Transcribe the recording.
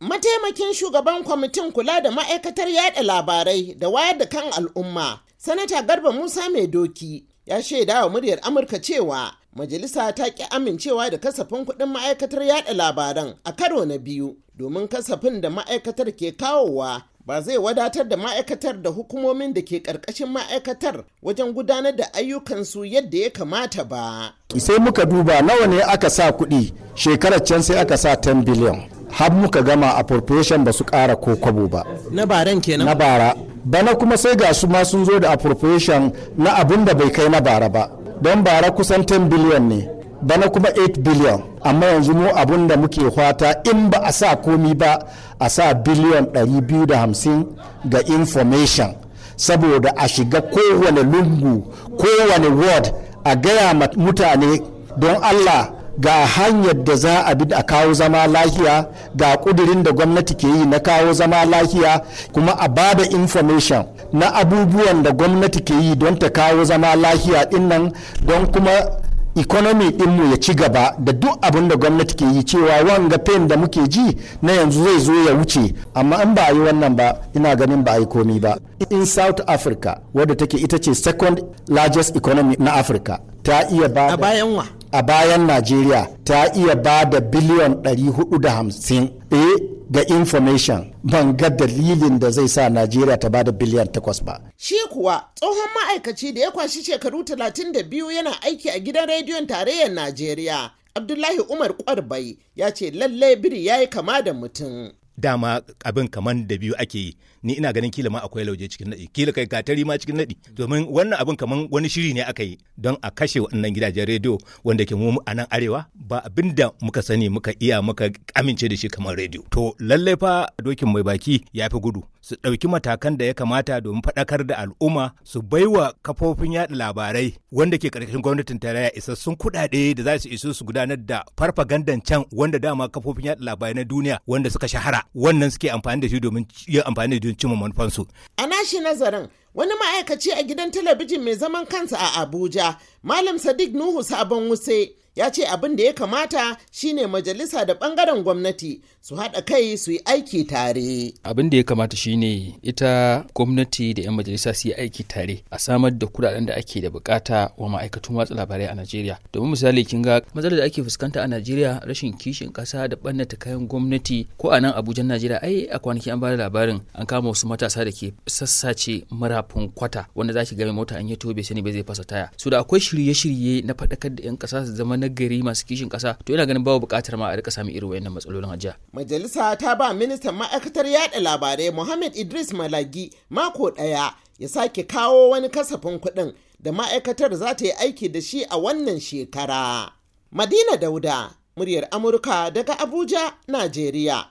Mataimakin shugaban kwamitin kula da ma'aikatar yada labarai da wayar da kan al'umma, Sanata Garba Musa Mai Doki ya shaida wa muryar Amurka cewa majalisa ta ƙi amincewa da kasafin kuɗin ma'aikatar yada labaran a karo na biyu domin kasafin da ma'aikatar ke kawowa ba zai wadatar da ma'aikatar da hukumomin da ke ƙarƙashin ma'aikatar wajen gudanar da ayyukansu yadda ya kamata ba. sai muka duba nawa ne aka sa kuɗi shekarar can sai aka sa 10 biliyan har muka gama appropriation ba su ƙara ko kwabo ba na baran kenan na bara bana kuma sai ga su ma sun zo da appropriation na abin da bai kai na bara ba don bara kusan 10 billion ne bana kuma 8 billion. amma yanzu mu abun da muke fata in ba a sa komi ba a sa biliyan 250 ga information saboda a shiga kowane lungu kowane word a gaya mutane don allah ga hanyar da za a bi a kawo zama lahiya ga kudirin da gwamnati ke yi na kawo zama lahiya kuma a ba da information na abubuwan da gwamnati ke yi don ta kawo zama lafiya dinnan don kuma economy dinmu ya ci gaba da duk abin da gwamnati ke yi cewa wanga pain da muke ji na yanzu zai zo ya wuce amma in ba a yi wannan ba ina ganin ba a yi komi ba in south africa wadda take ita ce second largest economy na africa ta iya ba a bayan wa a bayan najeriya ta iya ba da biliyan 450 eh ga information ban ga dalilin da zai sa Najeriya ta bada biliyan takwas ba. Shi kuwa tsohon ma'aikaci da ya kwashi shekaru 32 yana aiki a gidan rediyon tarayyar Najeriya. Abdullahi Umar Kwarbai ya ce lallai biri ya yi kama da mutum. dama abin kaman da biyu ake yi ni ina ganin kila ma akwai lauje cikin nadi kila kai gatari ma cikin nadi domin wannan abin kaman wani shiri ne aka yi don a kashe wannan gidajen rediyo wanda ke mu a nan arewa ba abin da muka sani muka iya muka amince da shi kamar rediyo to lalle fa dokin mai baki ya fi gudu su ɗauki matakan da ya kamata domin faɗakar da al'umma su baiwa kafofin yaɗa labarai wanda ke ƙarƙashin gwamnatin tarayya isassun kuɗaɗe da za su iso su gudanar da farfagandan can wanda dama kafofin yaɗa labarai na duniya wanda suka shahara wannan suke amfani da shi domin yin amfani da cimma manufansu. A nashi nazarin wani ma'aikaci a gidan talabijin mai zaman kansa a Abuja, Malam Sadiq Nuhu Sabon Wuse ya ce abin da ya kamata shine majalisa da bangaren gwamnati su haɗa kai su yi aiki tare abin da ya kamata shine ita gwamnati da 'yan majalisa su yi aiki tare a samar da kudaden da ake da bukata wa ma'aikatun watsa labarai a najeriya domin misali kin ga matsalar da ake fuskanta a najeriya rashin kishin ƙasa da ɓannata kayan gwamnati ko a nan abuja najeriya ai a kwanaki an bada labarin an kama wasu matasa da ke sassace marafin kwata wanda zaki ki ga mota an yi tobe sani bai zai fasa taya su da akwai shirye-shirye na faɗakar da 'yan ƙasa su zama na na gari masu kishin kasa to ina ganin babu buƙatar ma a rika sami irin wayannan matsalolin a jiya. majalisa ta ba ministan ma'aikatar yada labarai Muhammad Idris Malagi mako ɗaya ya sake kawo wani kasafin kuɗin da ma'aikatar za ta yi aiki da shi a wannan shekara. Madina Dauda, muryar Amurka daga Abuja, Najeriya.